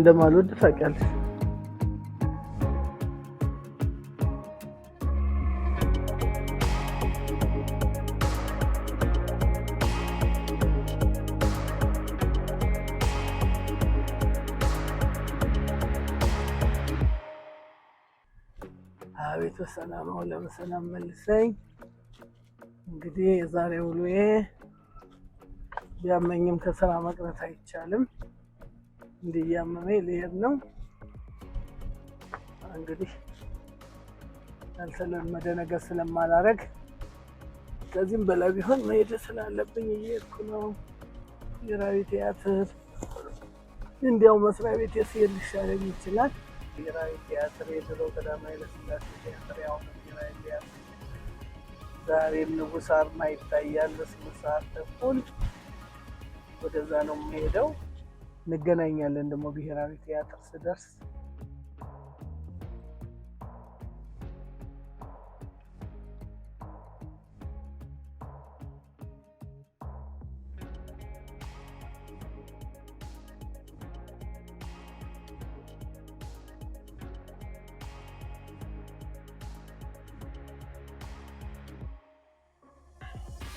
እንደማልወድ ታውቂያለሽ። አቤት በሰላም አሁን በሰላም መልሰኝ። እንግዲህ የዛሬ ውሎዬ ቢያመኝም ከስራ መቅረት አይቻልም። እንዲህ እያመመኝ ልሄድ ነው እንግዲህ ያልተለመደ ነገር ስለማላረግ ከዚህም በላይ ቢሆን መሄድ ስላለብኝ እየሄድኩ ነው። ብሔራዊ ቲያትር እንዲያው መስሪያ ቤት ስሄድ ሊሻለኝ ይችላል። ብሔራዊ ቲያትር የድሮ ቀዳማዊ ኃይለ ቲያትር ያሁኑ ብሔራዊ ቲያትር ዛሬም ንጉሥ አርማ ይታያል። ስምንት ሰዓት ተኩል ወደዛ ነው የምሄደው። እንገናኛለን ደግሞ ብሔራዊ ቲያትር ስደርስ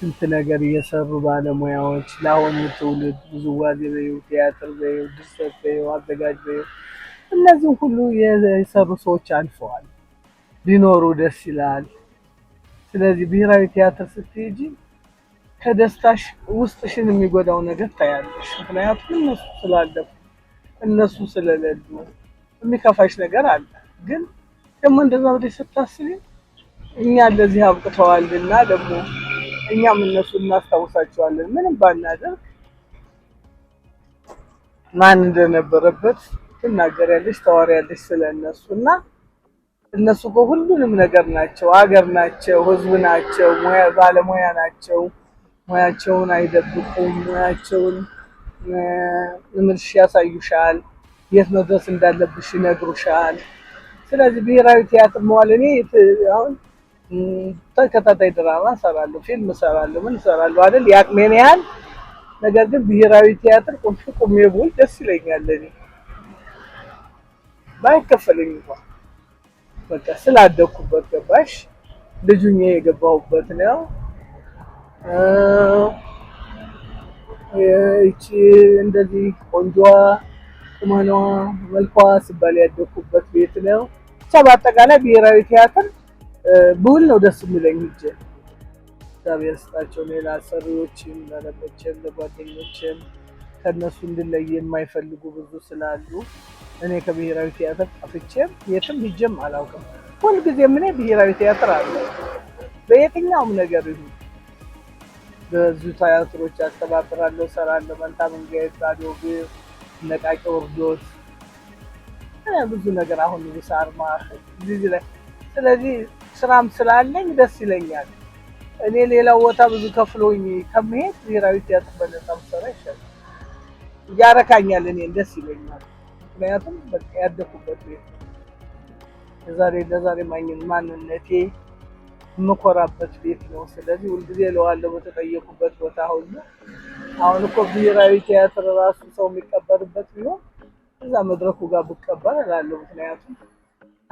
ስንት ነገር እየሰሩ ባለሙያዎች ለአሁኑ ትውልድ ውዝዋዜ በይው፣ ቲያትር በይው፣ ድርሰት በይው፣ አዘጋጅ በይው፣ እነዚህም ሁሉ የሰሩ ሰዎች አልፈዋል። ቢኖሩ ደስ ይላል። ስለዚህ ብሔራዊ ቲያትር ስትሄጂ ከደስታሽ ውስጥሽን የሚጎዳው ነገር ታያለሽ። ምክንያቱም እነሱ ስላለፉ እነሱ ስለሌሉ የሚከፋሽ ነገር አለ። ግን ደግሞ እንደዛ ወደ ስታስቢ እኛ ለዚህ አብቅተዋልና ደግሞ እኛም እነሱ እናስታውሳቸዋለን። ምንም ባናደርግ ማን እንደነበረበት ትናገሪያለሽ፣ ታወሪያለሽ ስለ እነሱ እና እነሱ ሁሉንም ነገር ናቸው። አገር ናቸው፣ ህዝብ ናቸው፣ ባለሙያ ናቸው። ሙያቸውን አይደብቁም። ሙያቸውን ምልሽ ያሳዩሻል። የት መድረስ እንዳለብሽ ይነግሩሻል። ስለዚህ ብሔራዊ ቲያትር መዋል እኔ አሁን ተከታታይ ድራማ እሰራለሁ፣ ፊልም እሰራለሁ፣ ምን እሰራለሁ አይደል የአቅሜን ያህል። ነገር ግን ብሔራዊ ቲያትር ቁም ቁሜ ብውል ደስ ይለኛል። እኔ ባይከፈለኝ እንኳን በቃ ስላደኩበት ገባሽ ልጁኛ የገባሁበት ነው። ይቺ እንደዚህ ቆንጆዋ ቁመኗ መልኳ ስባል ያደኩበት ቤት ነው። ብቻ በአጠቃላይ ብሔራዊ ቲያትር ብውል ነው ደስ የሚለኝ እጅ እግዚአብሔር ስጣቸው። ሌላ ሰሪዎችም ለለቆችም ለጓደኞችም ከእነሱ እንድለይ የማይፈልጉ ብዙ ስላሉ እኔ ከብሔራዊ ቲያትር ጠፍቼም የትም ሂጅም አላውቅም። ሁልጊዜም እኔ ብሔራዊ ቲያትር አለ በየትኛውም ነገር ይሁን በዙ ቲያትሮች አስተባብራለሁ፣ ሰራለሁ። መንታ መንጋየት፣ ራዲዮ ቤር፣ ነቃቂ ወርዶት ብዙ ነገር አሁን ሳርማ እዚህ ላይ ስለዚህ ስራም ስላለኝ ደስ ይለኛል። እኔ ሌላ ቦታ ብዙ ከፍሎኝ ከመሄድ ብሔራዊ ቲያትር በነፃ ብሰራ ይሻላል። ያረካኛል፣ እኔን ደስ ይለኛል። ምክንያቱም በቃ ያደኩበት ቤት የዛሬ ለዛሬ ማንነቴ የምኮራበት ቤት ነው። ስለዚህ ሁልጊዜ እለዋለሁ በተጠየቁበት ቦታ ሁሉ። አሁን እኮ ብሔራዊ ቲያትር ራሱ ሰው የሚቀበርበት ቢሆን እዛ መድረኩ ጋር ብቀበር እላለሁ ምክንያቱም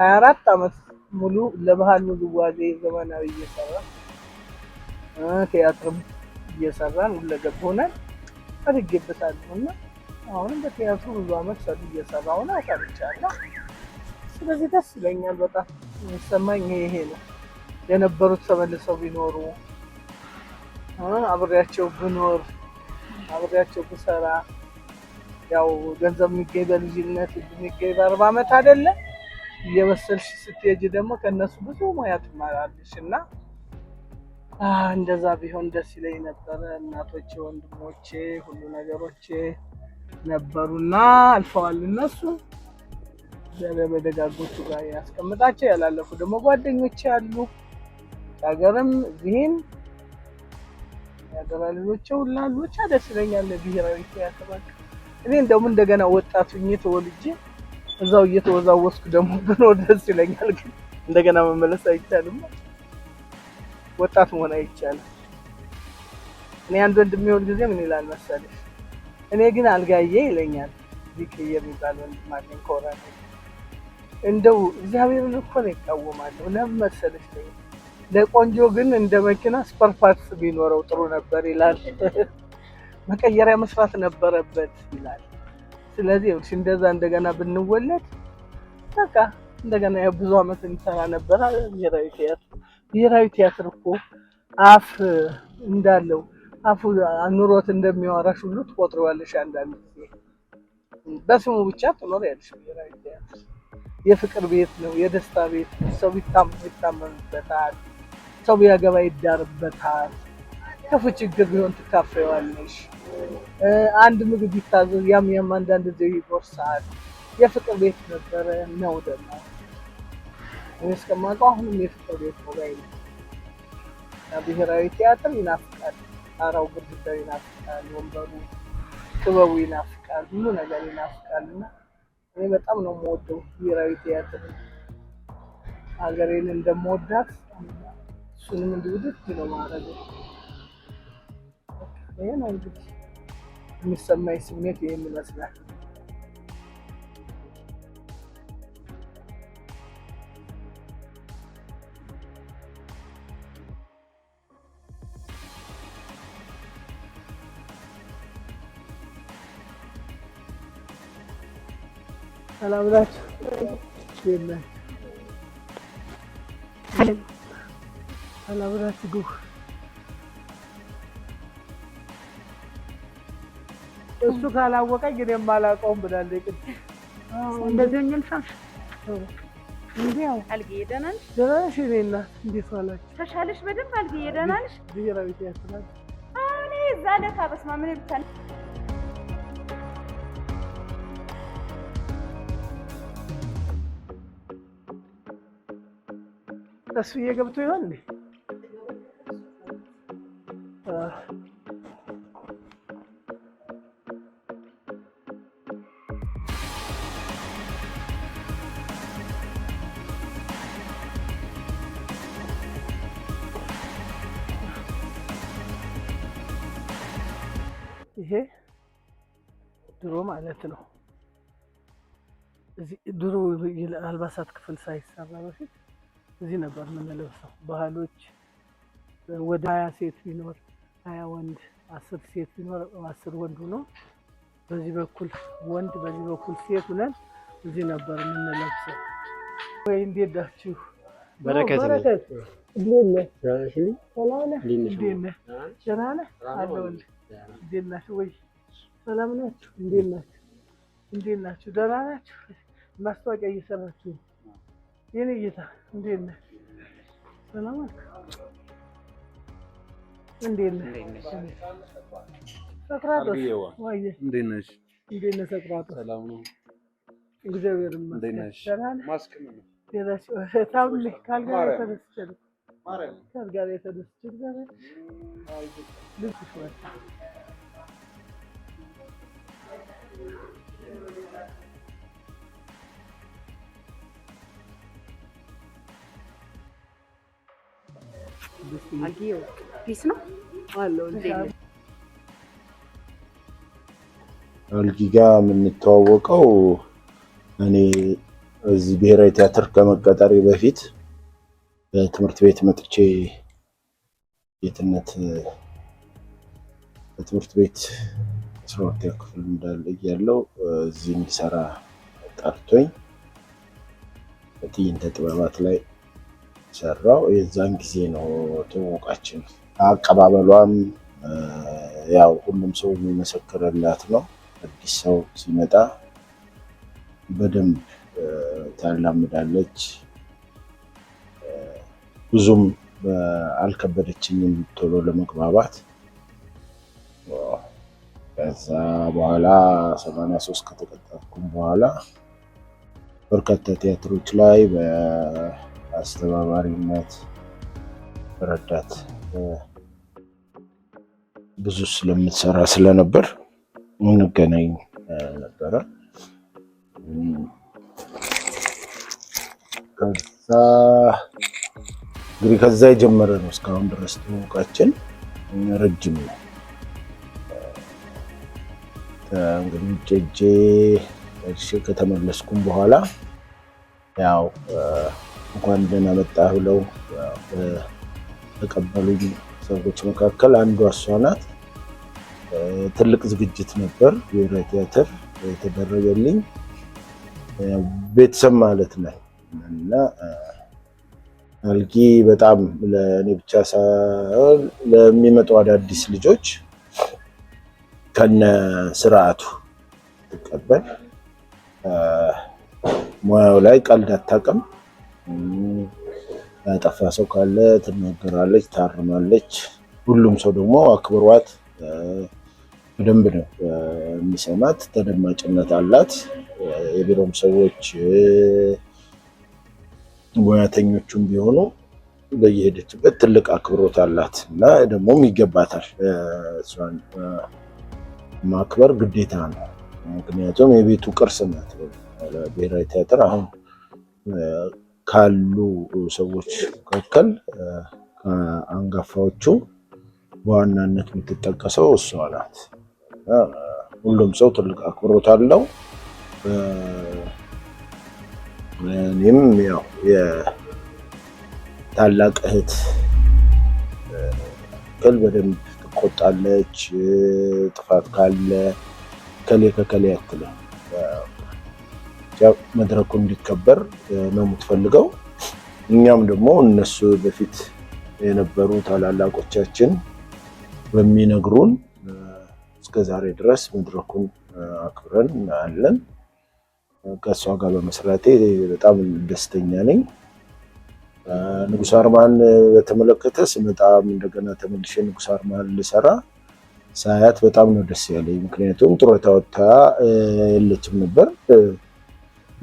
ሀያ አራት አመት ሙሉ ለባህል ውዝዋዜ ዘመናዊ እየሰራ ቲያትርም እየሰራን ሁለገብ ሆነን አድጌበታለሁ እና አሁንም በቲያትሩ ብዙ አመት ሰዱ እየሰራ ሆነ አቀርቻለሁ። ስለዚህ ደስ ይለኛል። በጣም የሚሰማኝ ይሄ ይሄ ነው። የነበሩት ተመልሰው ቢኖሩ አብሬያቸው ብኖር አብሬያቸው ብሰራ ያው ገንዘብ የሚገኝ በልጅነት የሚገኝ በአርባ አመት አይደለም እየበሰልሽ ስትሄጂ ደግሞ ከእነሱ ብዙ ሙያ ትማራለሽ እና እንደዛ ቢሆን ደስ ይለኝ ነበረ። እናቶቼ፣ ወንድሞቼ ሁሉ ነገሮቼ ነበሩና አልፈዋል። እነሱ በደጋጎቹ ጋር ያስቀምጣቸው። ያላለፉ ደግሞ ጓደኞቼ አሉ ሀገርም እዚህም ያገራ ልጆቼ ሁላ ብቻ ደስ ይለኛል። ብሔራዊ ያተባቅ እኔ እንደውም እንደገና ወጣቱኝ ተወልጄ እዛው እየተወዛወስኩ ደግሞ ብኖር ደስ ይለኛል፣ ግን እንደገና መመለስ አይቻልም። ወጣት መሆን አይቻልም። እኔ አንድ ወንድ የሚሆን ጊዜ ምን ይላል መሰለሽ፣ እኔ ግን አልጋዬ ይለኛል። ዚክ የሚባል ወንድም አለኝ ከወራቴ። እንደው እግዚአብሔርን እኮ ነው ይቃወማለሁ። ለምን መሰለሽ ለቆንጆ ግን እንደ መኪና ስፐር ፓርትስ ቢኖረው ጥሩ ነበር ይላል። መቀየሪያ መስራት ነበረበት ይላል። ስለዚህ ይኸውልሽ እንደዛ እንደገና ብንወለድ በቃ እንደገና ያው ብዙ አመት እንሰራ ነበር። ብሔራዊ ቲያትር ብሔራዊ ቲያትር እኮ አፍ እንዳለው አፉ ኑሮት እንደሚያወራሽ ሁሉ ትቆጥሪዋለሽ። አንዳንድ ጊዜ በስሙ ብቻ ትኖር ያለሽ ብሔራዊ ቲያትር የፍቅር ቤት ነው፣ የደስታ ቤት ነው። ሰው ይታመምበታል፣ ሰው ቢያገባ ይዳርበታል፣ ክፉ ችግር ቢሆን ትካፈዋለሽ። አንድ ምግብ ቢታዘዝ ያም ያም አንዳንድ ዘይ ይወርሳል። የፍቅር ቤት ነበረ ነው ደግሞ እኔ እስከማውቀው አሁንም የፍቅር ቤት ነው ጋይ ነው። ብሔራዊ ቲያትር ይናፍቃል፣ ጣራው ግድግዳው ይናፍቃል፣ ወንበሩ ጥበቡ ይናፍቃል፣ ሁሉ ነገር ይናፍቃል። እና እኔ በጣም ነው የምወደው ብሔራዊ ቲያትር ሀገሬን እንደምወዳት እሱንም እንዲውድድ ነው ማድረግ ይሄ ነው እንግዲህ يسميه في من الأسلحة سلام ذات سلام ذات قوه እሱ ካላወቀኝ ግን የማላውቀውም ብላለች። እንደዚህ እንዲያው አልጌ ደህና ነሽ? ደህና ነሽ? እኔ እናት እንዴት ዋላችሁ? ተሻለሽ? በደንብ አልጌ ደህና ነሽ? ብሔራዊ ትያትራል እኔ እዛ ብቻ እሱ እየገብቶ ይሆን እንዴ? ማለት ነው። ድሮ አልባሳት ክፍል ሳይሰራ በፊት እዚህ ነበር የምንለብሰው። ባህሎች ወደ ሀያ ሴት ቢኖር ሀያ ወንድ፣ አስር ሴት ቢኖር አስር ወንድ ሆኖ በዚህ በኩል ወንድ በዚህ በኩል ሴት ሆነን እዚህ ነበር የምንለብሰው። ወይ እንዴት ዳችሁ? በረከት በረከት፣ ነህ? ሰላም ነህ? ደህና ነህ? አለሁልህ። እንዴት ነሽ? ወይ ሰላም ናችሁ? እንዴት ናችሁ? እንዴት ናችሁ? ደህና ናችሁ? ማስታወቂያ እየሰራችሁ የኔ ጌታ እንዴት ነህ? ሰላም ናችሁ? እንዴት ነህ? ሰቅራጦስ እንዴት ነሽ? እንዴት ነህ ሰቅራጦስ? ሰላም ነው። እግዚአብሔር ይመስገን። ፒስ ነው አለው። አልጊ ጋር የምንተዋወቀው እኔ እዚህ ብሔራዊ ቲያትር ከመቀጠሪ በፊት በትምህርት ቤት መጥቼ የትነት በትምህርት ቤት ሰባተኛ ክፍል እንዳለ እያለው እዚህ እንዲሰራ ጠርቶኝ በትዕይንተ ጥበባት ላይ ሰራው። የዛን ጊዜ ነው ትውውቃችን። አቀባበሏም ያው ሁሉም ሰው የሚመሰክርላት ነው። አዲስ ሰው ሲመጣ በደንብ ታላምዳለች። ብዙም አልከበደችኝም ቶሎ ለመግባባት ከዛ በኋላ 83 ከተቀጠርኩም በኋላ በርካታ ቲያትሮች ላይ በአስተባባሪነት ረዳት ብዙ ስለምትሰራ ስለነበር እንገናኝ ነበረ። ከዛ እንግዲህ ከዛ የጀመረ ነው እስካሁን ድረስ ትውውቃችን ረጅም ነው። እንግዲህ ውጭ ሄጄ ከተመለስኩም በኋላ ያው እንኳን ደህና መጣ ብለው ተቀበሉኝ ሰዎች መካከል አንዷ እሷ ናት። ትልቅ ዝግጅት ነበር ብሔራዊ ቲያትር የተደረገልኝ ቤተሰብ ማለት ነው እና አልጊ በጣም ለእኔ ብቻ ሳይሆን ለሚመጡ አዳዲስ ልጆች ከነ ስርዓቱ ትቀበል። ሙያው ላይ ቀልድ አታውቅም። ያጠፋ ሰው ካለ ትናገራለች፣ ታርማለች። ሁሉም ሰው ደግሞ አክብሯት በደንብ ነው የሚሰማት። ተደማጭነት አላት። የቢሮም ሰዎች ሙያተኞቹም ቢሆኑ በየሄደችበት ትልቅ አክብሮት አላት እና ደግሞም ይገባታል ማክበር ግዴታ ነው። ምክንያቱም የቤቱ ቅርስ ናት። ብሔራዊ ቲያትር አሁን ካሉ ሰዎች መካከል ከአንጋፋዎቹ በዋናነት የምትጠቀሰው እሷ ናት። ሁሉም ሰው ትልቅ አክብሮት አለው። እኔም ያው የታላቅ እህት ክል በደንብ ትቆጣለች። ጥፋት ካለ ከሌ ከከሌ ያትላል መድረኩ እንዲከበር ነው የምትፈልገው። እኛም ደግሞ እነሱ በፊት የነበሩ ታላላቆቻችን በሚነግሩን እስከ ዛሬ ድረስ መድረኩን አክብረን አለን። ከእሷ ጋር በመስራቴ በጣም ደስተኛ ነኝ። ንጉስ አርማን በተመለከተ ስመጣም እንደገና ተመልሼ ንጉስ አርማን ልሰራ ሳያት በጣም ነው ደስ ያለኝ። ምክንያቱም ጡረታ ወጥታ የለችም ነበር።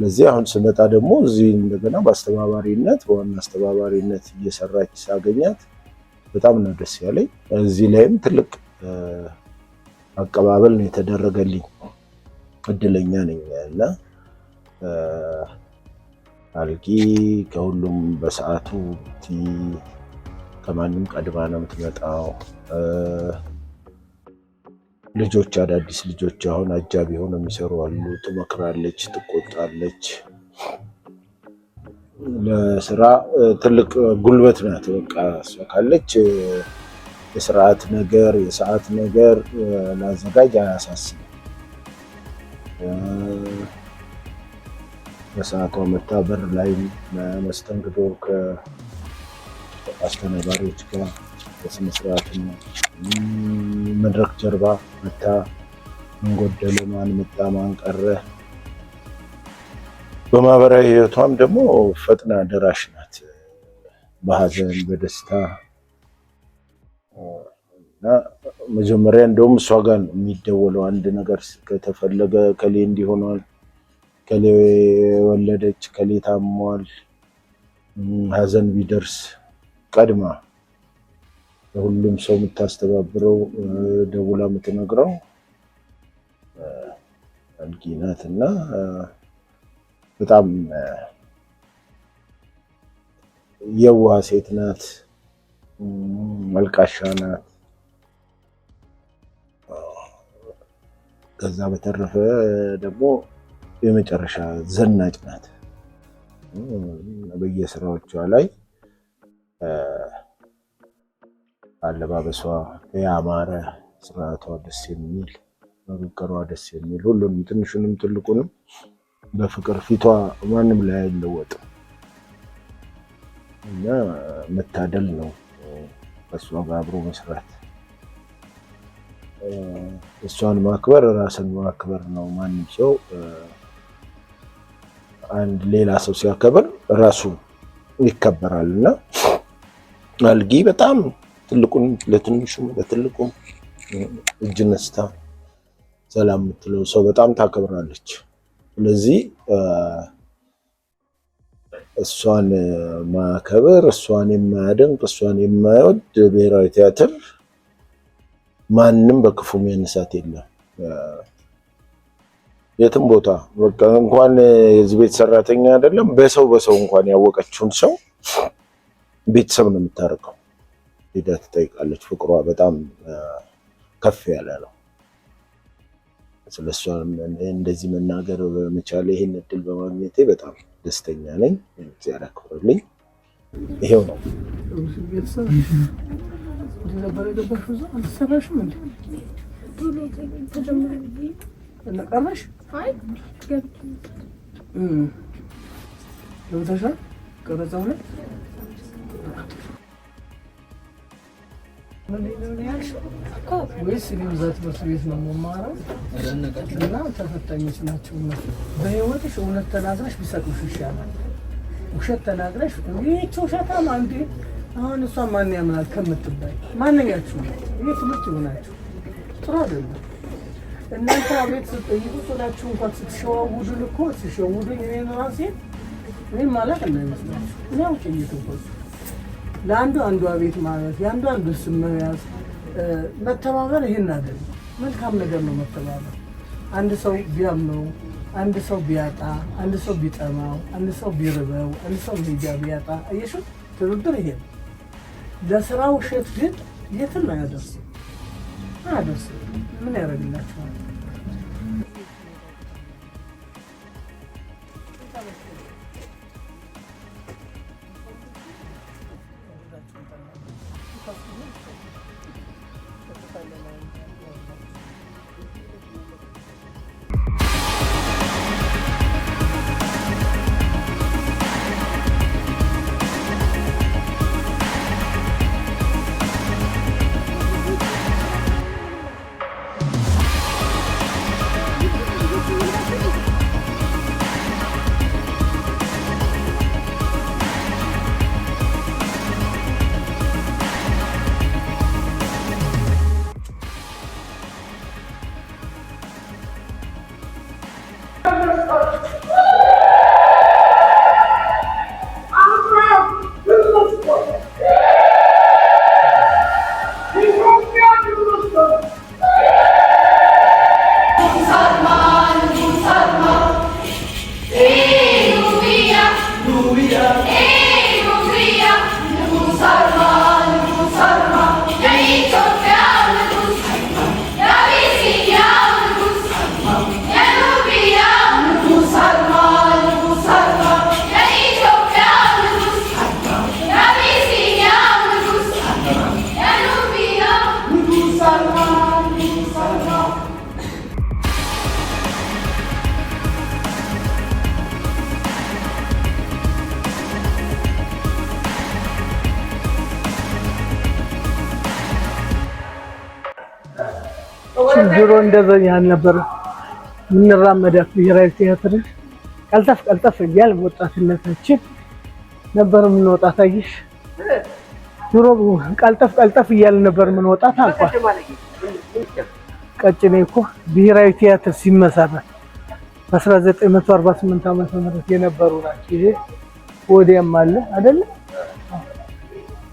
ለዚህ አሁን ስመጣ ደግሞ እዚህ እንደገና በአስተባባሪነት በዋና አስተባባሪነት እየሰራች ሳገኛት በጣም ነው ደስ ያለኝ። እዚህ ላይም ትልቅ አቀባበል ነው የተደረገልኝ። እድለኛ ነኝ እና አልጊ ከሁሉም በሰዓቱ ከማንም ቀድማ ነው የምትመጣው። ልጆች አዳዲስ ልጆች አሁን አጃቢ ሆነው የሚሰሩ አሉ። ትመክራለች፣ ትቆጣለች። ለስራ ትልቅ ጉልበት ናት። በቃ እሷ ካለች የስርዓት ነገር የሰዓት ነገር ማዘጋጅ አያሳስብም። በሰዓቷ መታ በር ላይ መስተንግዶ ከአስተናባሪዎች ጋር በስነስርዓት መድረክ ጀርባ መታ መንጎደለ ማን መጣ፣ ማን ቀረ። በማህበራዊ ህይወቷም ደግሞ ፈጥና ደራሽ ናት። በሀዘን በደስታ እና መጀመሪያ እንደውም እሷ ጋር ነው የሚደወለው። አንድ ነገር ከተፈለገ ከሌ እንዲሆኗል ከሌ ወለደች፣ ከሌ ታሟል፣ ሀዘን ቢደርስ ቀድማ ለሁሉም ሰው የምታስተባብረው ደውላ የምትነግረው አልጌ ናት እና በጣም የውሃ ሴት ናት። መልቃሻ ናት። ከዛ በተረፈ ደግሞ የመጨረሻ ዘናጭ ናት። በየስራዎቿ ላይ አለባበሷ ያማረ፣ ስርዓቷ ደስ የሚል፣ መፈቀሯ ደስ የሚል ሁሉንም ትንሹንም ትልቁንም በፍቅር ፊቷ ማንም ላይ አይለወጥም እና መታደል ነው ከእሷ ጋር አብሮ መስራት። እሷን ማክበር ራስን ማክበር ነው ማንም ሰው አንድ ሌላ ሰው ሲያከብር ራሱ ይከበራል እና አልጊ በጣም ትልቁን ለትንሹም ለትልቁም እጅ ነስታ ሰላም የምትለው ሰው በጣም ታከብራለች። ስለዚህ እሷን ማከብር፣ እሷን የማያደንቅ፣ እሷን የማይወድ ብሔራዊ ቲያትር ማንም በክፉ የሚያነሳት የለም። የትም ቦታ በቃ እንኳን የዚህ ቤት ሰራተኛ አይደለም በሰው በሰው እንኳን ያወቀችውን ሰው ቤተሰብ ነው የምታርቀው። ሂዳ ትጠይቃለች። ፍቅሯ በጣም ከፍ ያለ ነው። ስለሷ እንደዚህ መናገር በመቻል ይህን እድል በማግኘቴ በጣም ደስተኛ ነኝ። እግዚአብሔር ያክብርልኝ። ይሄው ነው ቤተሰብ ቀመሽ ገብተሻል። ቀረጻ ሁለት ወይስ ብዛት ትምህርት ቤት ነው የምማረው እና ተፈታኞች ናቸው። በህይወትሽ እውነት ተናግረሽ ቢሰጡሽ ይሻላል። ውሸት ተናግረሽ ይህች ውሸታም አንዴ አሁን እሷ ማን ያምናል ከምትባይ ማንኛችሁ ይህ ትምህርት ይሆናችሁ ጥሩ አይደለም። እናንተ አቤት ስትጠይቁ ጾታችሁ እንኳን ስትሸዋውዱ ልኮ ሲሸውዱኝ እኔን ራሴ እኔም ማለት እንዳይመስላችሁ እኔ አውቄ እየተጓዙ ለአንዱ አንዱ አቤት ማለት የአንዱ አንዱ ስም መያዝ መተባበር፣ ይህን አይደለም መልካም ነገር ነው መተባበር። አንድ ሰው ቢያምነው፣ አንድ ሰው ቢያጣ፣ አንድ ሰው ቢጠማው፣ አንድ ሰው ቢርበው፣ አንድ ሰው ሄጃ ቢያጣ፣ እየሽ ትብብር ይሄ ነው። ለስራው ውሸት ግን የትም አያደርስም አያደርስም። ምን ያደርግላቸዋል? እንደዚህ አልነበረ የምንራመዳት ብሔራዊ ቲያትር ቀልጠፍ ቀልጠፍ እያል ወጣትነታችን ነበር የምንወጣት። አየሽ ድሮ ቀልጠፍ ቀልጠፍ እያል ነበር የምንወጣት አልኳት። ቀጭኔ እኮ ብሔራዊ ቲያትር ሲመሰረት በ1948 ዓመተ የነበሩ ናቸው። ይሄ ወዲያም አለ አይደለ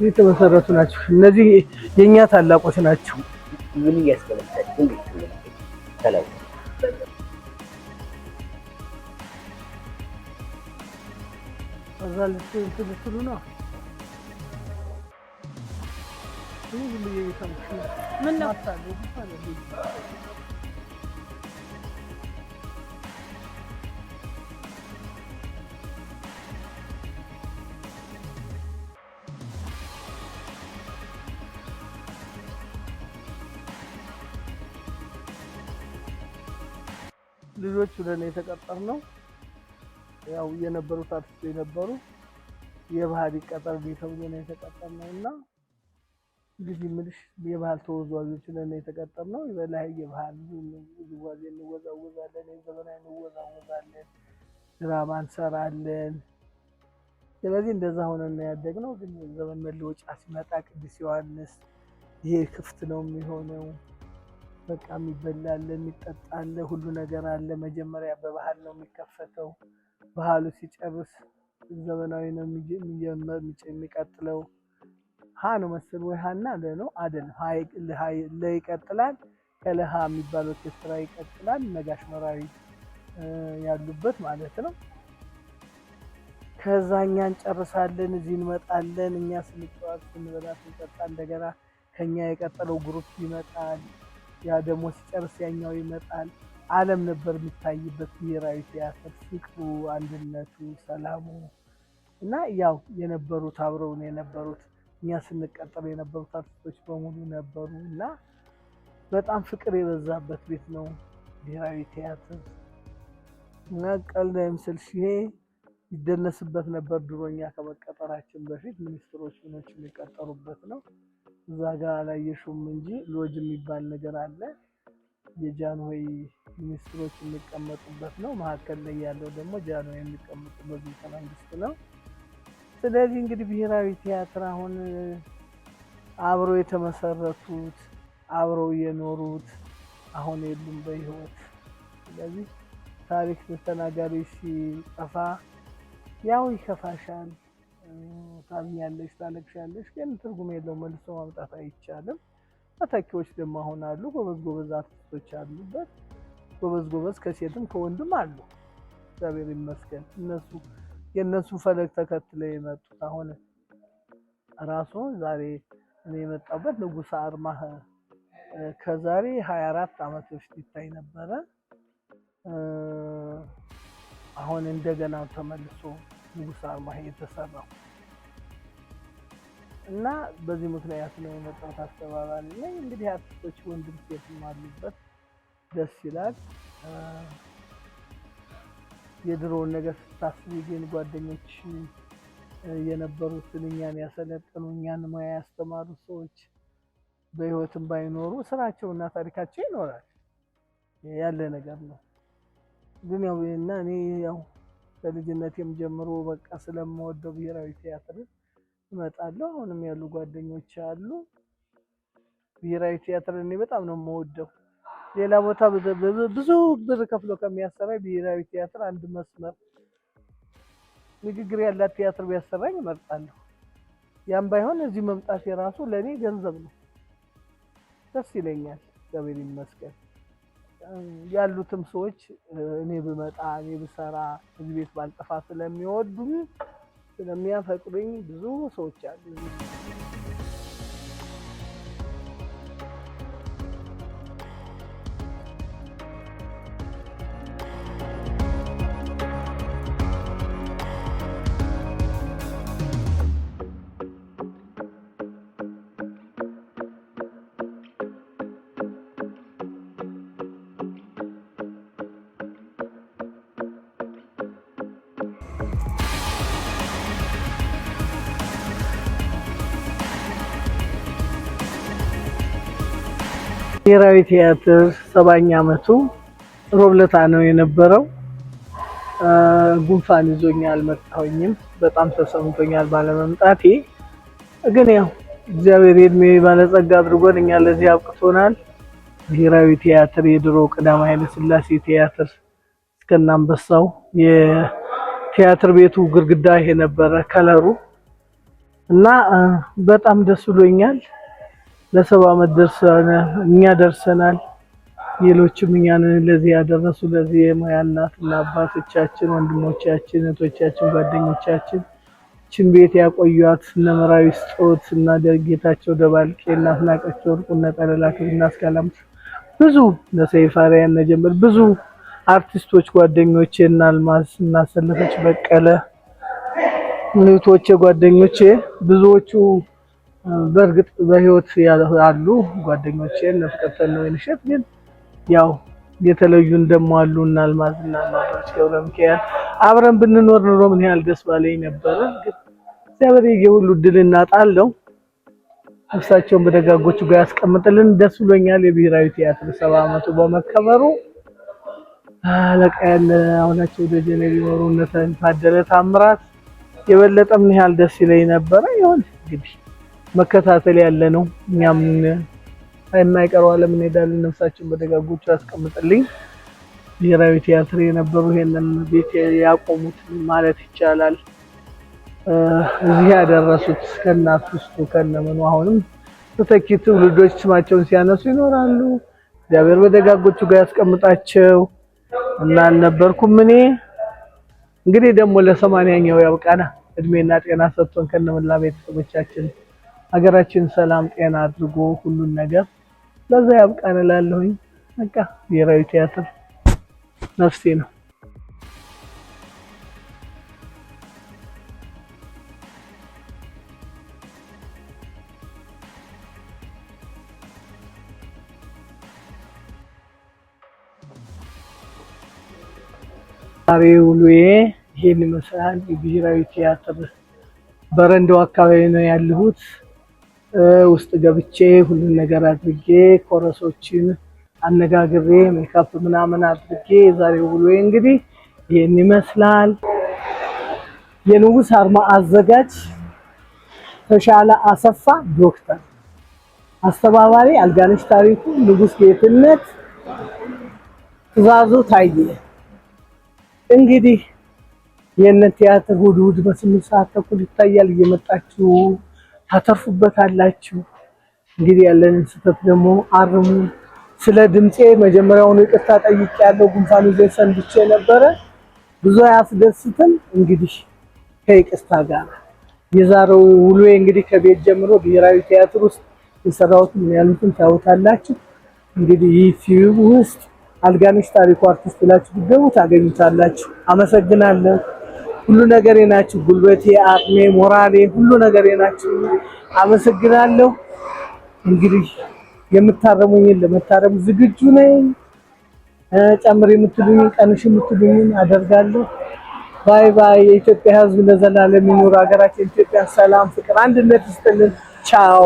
የተመሰረቱ ናቸው። እነዚህ የእኛ ታላቆች ናቸው። ምን ተከለው። እዛ እንትን ልትሉ ነው። ምን ነው ልጆች ሁነን ነው። ያው የነበሩት አርቲስት የነበሩ የባህል ይቀጠር ተብሎ ነው የተቀጠርነው እና እንግዲህ ምልሽ የባህል ተወዛዋዦች ነን ነው። በላይ የባህል ውዝዋዜ እንወዛወዛለን፣ የዘመናዊ እንወዛወዛለን፣ ድራማ እንሰራለን። ስለዚህ እንደዛ ሆነ ያደግ ነው። ግን ዘመን መለወጫ ሲመጣ ቅዱስ ዮሐንስ ይሄ ክፍት ነው የሚሆነው በቃ የሚበላ አለ፣ የሚጠጣ አለ፣ ሁሉ ነገር አለ። መጀመሪያ በባህል ነው የሚከፈተው። ባህሉ ሲጨርስ ዘመናዊ ነው የሚቀጥለው። ሀ ነው መሰል ወይ ሀና ለ ነው አደለም። ለ ይቀጥላል። ከለሀ የሚባል ኦርኬስትራ ይቀጥላል። ነጋሽ መራዊ ያሉበት ማለት ነው። ከዛ እኛ እንጨርሳለን፣ እዚህ እንመጣለን። እኛ ስንጫወት ስንበላ ስንጠጣ እንደገና ከኛ የቀጠለው ግሩፕ ይመጣል። ያ ደግሞ ሲጨርስ ያኛው ይመጣል። ዓለም ነበር የሚታይበት ብሔራዊ ቲያትር፣ ፍቅሩ፣ አንድነቱ፣ ሰላሙ እና ያው የነበሩት አብረውን የነበሩት እኛ ስንቀጠር የነበሩት አርቲስቶች በሙሉ ነበሩ እና በጣም ፍቅር የበዛበት ቤት ነው ብሔራዊ ቲያትር እና ቀልድ አይምሰል ሲሄ ይደነስበት ነበር። ድሮኛ ከመቀጠራችን በፊት ሚኒስትሮች ምኖች የሚቀጠሩበት ነው። እዛ ጋር አላየሽውም እንጂ ሎጅ የሚባል ነገር አለ። የጃንሆይ ሚኒስትሮች የሚቀመጡበት ነው። መካከል ላይ ያለው ደግሞ ጃንሆይ የሚቀመጡበት ቤተ መንግስት ነው። ስለዚህ እንግዲህ ብሔራዊ ቲያትር አሁን አብረው የተመሰረቱት አብረው የኖሩት አሁን የሉም በህይወት። ስለዚህ ታሪክ ተናጋሪ ሲጠፋ ያው ይከፋሻል። ታዝኛለሽ፣ ታለቅሻለሽ፣ ግን ትርጉም የለው መልሶ ማምጣት አይቻልም። ተተኪዎች ደግሞ አሁን አሉ። ጎበዝ ጎበዝ አርቲስቶች አሉበት። ጎበዝ ጎበዝ ከሴትም ከወንድም አሉ። እግዚአብሔር ይመስገን። እነሱ የእነሱ ፈለግ ተከትለው የመጡት አሁን ራሱ ዛሬ እኔ የመጣበት ንጉሠ አርማህ ከዛሬ 24 ዓመት በፊት ይታይ ነበረ። አሁን እንደገና ተመልሶ ንጉሠ አርማህ የተሰራው እና በዚህ ምክንያት ነው የመጣሁት አስተባባሪ ላይ እንግዲህ አርቲስቶች ወንድም ሴትም አሉበት። ደስ ይላል። የድሮውን ነገር ስታስብ ግን ጓደኞች የነበሩትን እኛን ያሰለጠኑ እኛን ሙያ ያስተማሩ ሰዎች በህይወትም ባይኖሩ ስራቸው እና ታሪካቸው ይኖራል ያለ ነገር ነው። ግን ያው እና እኔ ያው ከልጅነቴም ጀምሮ በቃ ስለምወደው ብሔራዊ ቲያትርን እመጣለሁ። አሁንም ያሉ ጓደኞች አሉ። ብሔራዊ ቲያትር እኔ በጣም ነው የምወደው። ሌላ ቦታ ብዙ ብር ከፍሎ ከሚያሰራኝ ብሔራዊ ቲያትር አንድ መስመር ንግግር ያላት ቲያትር ቢያሰራኝ እመርጣለሁ። ያም ባይሆን እዚህ መምጣት የራሱ ለእኔ ገንዘብ ነው፣ ደስ ይለኛል። እግዚአብሔር ይመስገን። ያሉትም ሰዎች እኔ ብመጣ እኔ ብሰራ እዚህ ቤት ባልጠፋ ስለሚወዱኝ ስለሚያፈቅሩኝ ብዙ ሰዎች አሉ። ብሔራዊ ቲያትር ሰባኛ አመቱ ሮብለታ ነው የነበረው። ጉንፋን ይዞኛ አልመጣሁኝም። በጣም ተሰምቶኛል ባለመምጣቴ። ግን ያው እግዚአብሔር የእድሜ ባለጸጋ አድርጎን እኛ ለዚህ አብቅቶናል። ብሔራዊ ቲያትር የድሮ ቀዳማዊ ኃይለ ሥላሴ ቲያትር እስከነ አንበሳው የቲያትር ቤቱ ይሄ የነበረ ከለሩ እና በጣም ደስ ብሎኛል። ለሰባ ዓመት ደርሰነ እኛ ደርሰናል። ሌሎችም እኛን ለዚህ ያደረሱ ለዚህ የሙያ እናትና አባቶቻችን፣ ወንድሞቻችን፣ እህቶቻችን፣ ጓደኞቻችን ችን ቤት ያቆዩት እነ ስጦት እና ደጌታቸው ደባልቄ እና አስናቀቸው ወርቁ እና ጠለላ ክብና እስካላምሽ ብዙ ለሰይፋሪያ ጀምር ብዙ አርቲስቶች ጓደኞቼ እና አልማዝ እና ሰለፈች በቀለ እህቶቼ ጓደኞቼ ብዙዎቹ በእርግጥ በህይወት ያሉ ጓደኞቼን ለፍቅርተን ነው የንሸት ግን ያው የተለዩን ደግሞ አሉ እና አልማዝ እና ማድረስ ገብረ ሚካኤል አብረን ብንኖር ኑሮ ምን ያህል ደስ ባለኝ ነበረ። እግዚአብሔር የሁሉ ድል እናጣለው። ነፍሳቸውን በደጋጎቹ ጋር ያስቀምጥልን። ደስ ብሎኛል። የብሔራዊ ቲያትር ሰባ ዓመቱ በመከበሩ አለቃያን አሁናቸው ደጀኔ ቢኖሩ እነ ታደለ ታምራት የበለጠ ምን ያህል ደስ ይለኝ ነበረ። ይሁን እንግዲህ መከታተል ያለ ነው። እኛም የማይቀረው ዓለም እንሄዳለን። ነፍሳችን በደጋጎቹ ያስቀምጥልኝ። ብሔራዊ ቲያትር የነበሩ ይሄንን ቤት ያቆሙት ማለት ይቻላል እዚህ ያደረሱት ከእናት ውስጡ ከነምኑ አሁንም ተተኪ ትውልዶች ስማቸውን ሲያነሱ ይኖራሉ። እግዚአብሔር በደጋጎቹ ጋር ያስቀምጣቸው እና አልነበርኩም እኔ እንግዲህ ደግሞ ለሰማንያኛው ያብቃና እድሜና ጤና ሰጥቶን ከነመላ ቤተሰቦቻችን ሀገራችን ሰላም ጤና አድርጎ ሁሉን ነገር ለዛ ያብቃን እላለሁኝ። በቃ ብሔራዊ ቲያትር ነፍሴ ነው። ዛሬ ውሎዬ ይሄን ይመስላል። የብሔራዊ ቲያትር በረንዳው አካባቢ ነው ያለሁት። ውስጥ ገብቼ ሁሉን ነገር አድርጌ ኮረሶችን አነጋግሬ ሜካፕ ምናምን አድርጌ ዛሬ ውሎዬ እንግዲህ ይህን ይመስላል። የንጉስ አርማ አዘጋጅ ተሻለ አሰፋ ዶክተር፣ አስተባባሪ አልጋነሽ ታሪኩ፣ ንጉስ ጌትነት፣ ትዛዙ ታየ። እንግዲህ ይህንን ቲያትር እሑድ እሑድ በስምንት ሰዓት ተኩል ይታያል። እየመጣችሁ ታተርፉበታላችሁ። እንግዲህ ያለንን ስህተት ደግሞ አርሙ። ስለ ድምፄ መጀመሪያውን ይቅርታ ጠይቄ ያለው ጉንፋን ይዘ ሰንብቼ ነበረ። ብዙ አያስደስትም። እንግዲህ ከይቅርታ ጋር የዛሬው ውሎ እንግዲህ ከቤት ጀምሮ ብሔራዊ ቲያትር ውስጥ የሰራሁትን ያሉትን ታውታላችሁ እንግዲህ ዩቲዩብ ውስጥ አልጋነሽ ታሪኩ አርቲስት ብላችሁ ብትገቡ ታገኙታላችሁ። አመሰግናለሁ። ሁሉ ነገር ናችሁ። ጉልበቴ፣ አቅሜ፣ ሞራሌ ሁሉ ነገር ናችሁ። አመሰግናለሁ። እንግዲህ የምታረሙኝን ለመታረም ዝግጁ ነኝ። ጨምር የምትሉኝ ቀንሽ የምትሉኝ አደርጋለሁ። ባይ ባይ። የኢትዮጵያ ሕዝብ ለዘላለም ይኑር። ሀገራችን ኢትዮጵያ ሰላም፣ ፍቅር፣ አንድነት ይስጥልን። ቻው